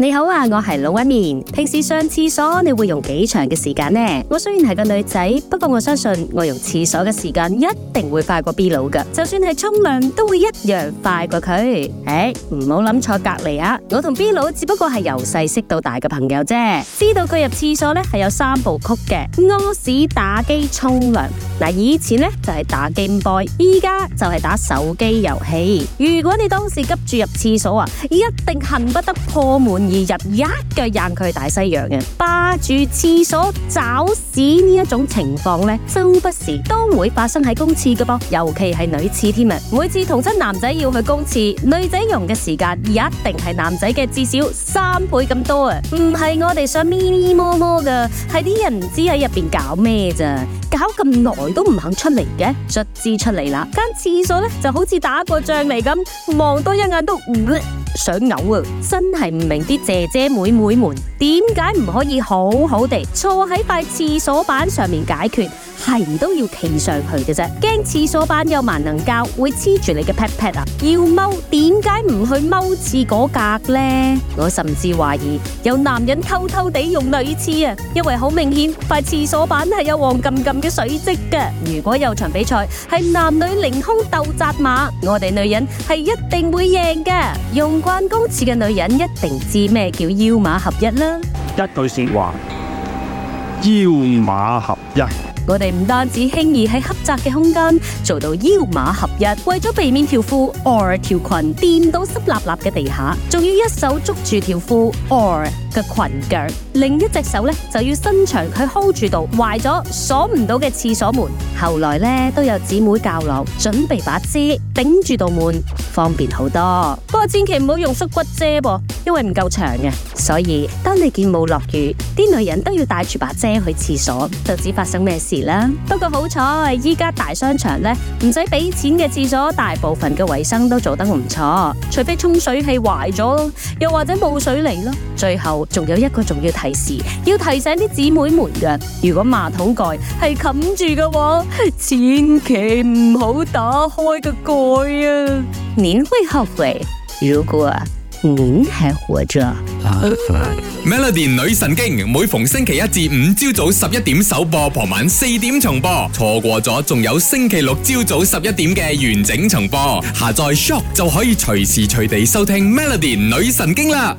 你好啊，我係龍紋敏。平時上廁所你會用幾長嘅時間呢？我雖然係個女仔，不過我相信我用廁所嘅時間一定會快過 B 佬㗎。就算係沖涼都會一樣快過佢。誒、欸，唔好諗錯隔離啊！我同 B 佬只不過係由細識到大嘅朋友啫。知道佢入廁所咧係有三部曲嘅：屙屎、打機、沖涼。嗱，以前咧就係、是、打 game boy，依家就係打手機遊戲。如果你當時急住入廁所啊，一定恨不得破門。而入一腳硬佢大西洋嘅、啊、霸住廁所找屎呢一種情況呢，周不時都會發生喺公廁嘅噃，尤其係女廁添啊！每次同親男仔要去公廁，女仔用嘅時間一定係男仔嘅至少三倍咁多啊！唔係我哋想咪咪摸摸噶，係啲人唔知喺入邊搞咩咋，搞咁耐都唔肯出嚟嘅。卒之出嚟啦，間廁所呢就好似打過仗嚟咁，望多一眼都唔～、呃想嘔喎，真係唔明啲姐姐妹妹們點解唔可以好好地坐喺塊廁所板上面解決。係都要企上去嘅啫，驚廁所板有萬能膠會黐住你嘅 pat pat 啊！要踎，點解唔去踎廁嗰格呢？我甚至懷疑有男人偷偷地用女廁啊，因為好明顯塊廁所板係有黃禁禁嘅水迹㗎。如果有場比賽係男女凌空鬥紮馬，我哋女人係一定會贏嘅。用慣公廁嘅女人一定知咩叫腰馬合一啦！一句說話，腰馬合一。我哋唔單止輕易喺狹窄嘅空間做到腰馬合一，為咗避免條褲 or 條裙掂到濕立立嘅地下，仲要一手捉住條褲 or 嘅裙腳，另一隻手咧就要伸長去 hold 住度，壞咗鎖唔到嘅廁所門。後來咧都有姊妹教落，準備把遮頂住度門，方便好多。不過千祈唔好用縮骨遮噃，因為唔夠長嘅。所以當你見冇落雨，啲女人都要帶住把遮去廁所，就知發生咩事啦。不過好彩，依家大商場咧唔使俾錢嘅廁所，大部分嘅衛生都做得唔錯，除非沖水器壞咗，又或者冇水嚟咯。最後。仲有一個重要提示，要提醒啲姊妹們㗎，如果馬桶蓋係冚住嘅話，千祈唔好打開個蓋啊！您會後悔，如果您還活着。 Melody 女神經每逢星期一至五朝早十一點首播，傍晚四點重播，錯過咗仲有星期六朝早十一點嘅完整重播。下載 Shock 就可以隨時隨地收聽 Melody 女神經啦。